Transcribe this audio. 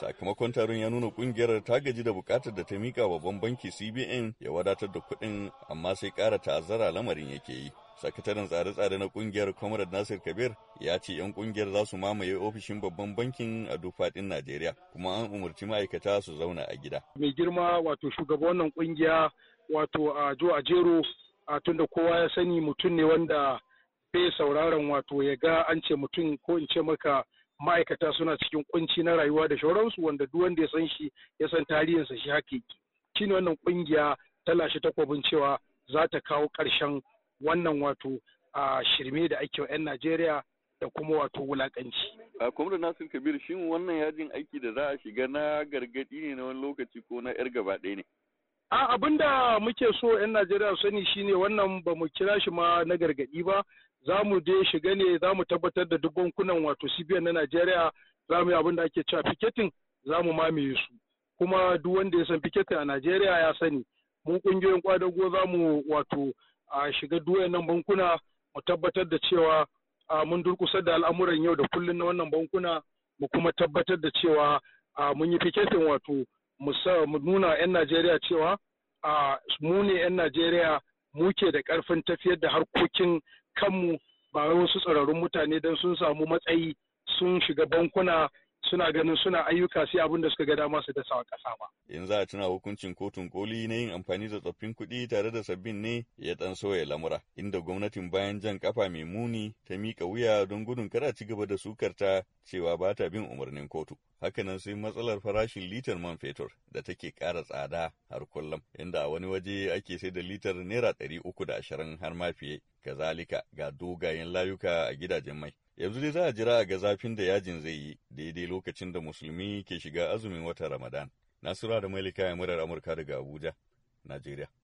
Sakamakon taron ya nuna kungiyar ta gaji da bukatar da ta mika babban banki CBN ya wadatar da kuɗin amma sai ƙara ta'azzara lamarin yake yi. sakataren tsare-tsare na kungiyar comrade nasir kabir ya ce 'yan kungiyar za su mamaye ofishin babban bankin a duk faɗin najeriya kuma an umarci ma'aikata su zauna a gida mai girma wato shugaban wannan kungiya wato a jo a jero a tunda kowa ya sani mutum ne wanda bai sauraron wato ya ga an ce mutum ko in ce maka ma'aikata suna cikin kunci na rayuwa da shauransu wanda duk wanda ya san shi ya san tarihinsa shi haka yake ne wannan kungiya ta lashe takwabin cewa za ta kawo karshen wannan wato a shirme da ake wa 'yan Najeriya da kuma wato wulakanci. A kuma Nasir Kabir shin wannan yajin aiki da za a shiga na gargadi ne na wani lokaci ko na 'yar gaba ɗaya ne? A abin da muke so 'yan Najeriya sani shine wannan ba mu kira shi ma na gargaɗi ba, za mu dai shiga ne za mu tabbatar da duk bankunan wato CBN na Najeriya za mu yi abin da ake cewa piketin za mu mamaye su. Kuma duk wanda ya san piketin a Najeriya ya sani, mu ƙungiyoyin kwadago za mu wato a shiga duk nan bankuna mu tabbatar da cewa mun durkusar da al'amuran yau da kullum na wannan bankuna mu kuma tabbatar da cewa mun yi piketin wato mu nuna 'yan Najeriya cewa a mu ne 'yan Najeriya muke da ƙarfin tafiyar da harkokin kanmu ba wasu tsararrun mutane don sun samu matsayi sun shiga bankuna suna ganin suna ayyuka sai abin suka ga dama su dasa a ƙasa ba. In za a tuna hukuncin kotun koli na yin amfani da tsoffin kuɗi tare da sabbin ne ya ɗan sauya lamura, inda gwamnatin bayan jan kafa mai muni ta miƙa wuya don gudun kar ci gaba da sukar ta cewa ba ta bin umarnin kotu. Hakanan sai matsalar farashin litar man fetur da take ƙara tsada har kullum, inda a wani waje ake sai da litar naira ɗari uku da ashirin har ma fiye, kazalika ga dogayen layuka a gidajen mai. Yanzu dai za a jira a ga zafin da yajin zai yi daidai lokacin da musulmi ke shiga azumin watan Ramadan. Nasura da Malika ya murar Amurka daga Abuja, Najeriya.